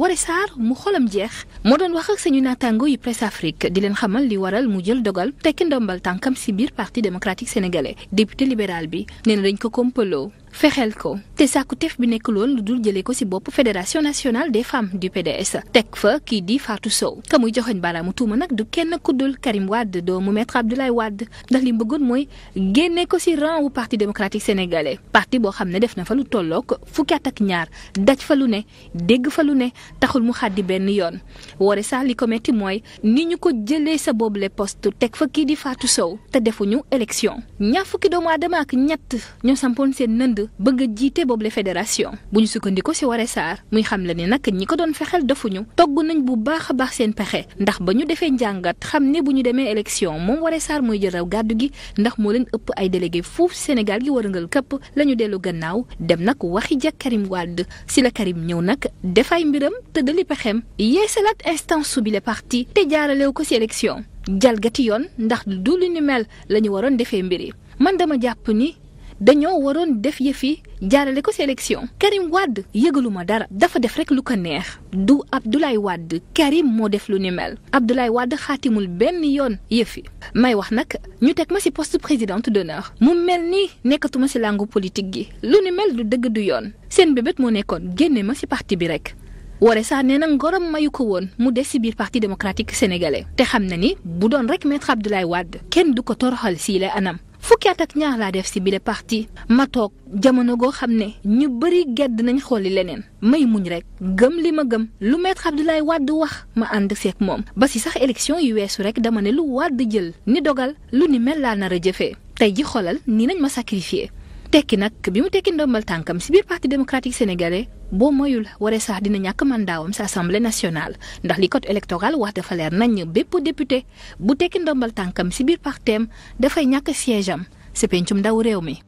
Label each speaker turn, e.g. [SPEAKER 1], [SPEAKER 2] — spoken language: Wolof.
[SPEAKER 1] ware Sarr mu xolam jeex moo doon wax ak sañu naataango yu presse Afrique di leen xamal di waral mu jël dogal tekki ndombal tànkam ci biir parti démocratique sénégalais député libéral bi nee na dañ ko kompaloo fexeel ko te teef bi nekk loon lu dul jëlee ko ci bopp fédération nationale des femmes du PDS teg fa kii di faatu Sow ka muy joxoñ baaraamu tuuma nag du kenn kuddul Karim Wade doomu maître Abdoulaye Wade ndax li mu mooy génne ko ci rang wu parti démocratique sénégalais parti boo xam ne def na fa lu tollook fukki at ak ñaar daj fa lu ne dégg fa lu ne taxul mu xaddi benn yoon woore sax li ko metti mooy ni ñu ko jëlee sa boobule poste teg fa kii di Fatou Sow te defuñu élection ñaar fukki doomu aadama ak ñett ñoo sampoon seen nënd bëgg a jiite boobule fédération bu ñu sukkandiko ci waree Sarr muy xam la ne nag ñi ko doon fexeel defuñu togg nañu bu baax a baax seen pexe ndax ba ñu defee njàngat xam ne bu ñu demee élection moom waree Sarr mooy jël raw gàddu gi ndax moo leen ëpp ay délégué foofu Sénégal gi wërngal këpp la ñu dellu gannaaw dem nag waxi ja Karim Wade ci la Karim ñëw nag defay mbiram tëddali pexem yeesalaat instance su bile parti te jaaralew ko ci jalgati yoon ndax du lu la ñu waroon defee mbir yi man dama jàpp ni dañoo waroon def yëfi jaarale ko si élection Karim yëgalu ma dara dafa def rek lu ko neex du Abdoulaye Wade Karim moo def lu ni mel Abdoulaye Wade xaatimul benn yoon yëfi may wax nag ñu teg ma si poste présidente d'honneur mu mel ni nekkatuma si langue politique gi lu ne mel du dëgg du yoon seen bébét moo nekkoon génne ma si parti bi rek. Woré Sarr nee na ngorom mayu ko woon mu des ci biir parti démocratique sénégalais te xam na ni bu doon rek maître Abdoulaye Wade kenn du ko toroxal sii anam fukki at ak ñaar laa def si bile parti ma toog jamono goo xam ne ñu bëri gedd nañ xooli leneen may muñ rek gëm li ma gëm lu di lay wadd wax ma ànd seeg moom ba si sax élection yu weesu rek dama ne lu Wade jël ni dogal lu ni mel laa nar a jëfee tey ji xoolal nii nañ ma sacrifié tekki nag bi mu tekki ndombal tànkam si biir parti démocratique sénégalais boo moyul waree sax dina ñàkk mandaawam sa assemblée nationale ndax li code électoral wax dafa leer nañ bépp député bu tekki ndombal tànkam si biir parteem dafay ñàkk siège am si pencum ndaw réew mi.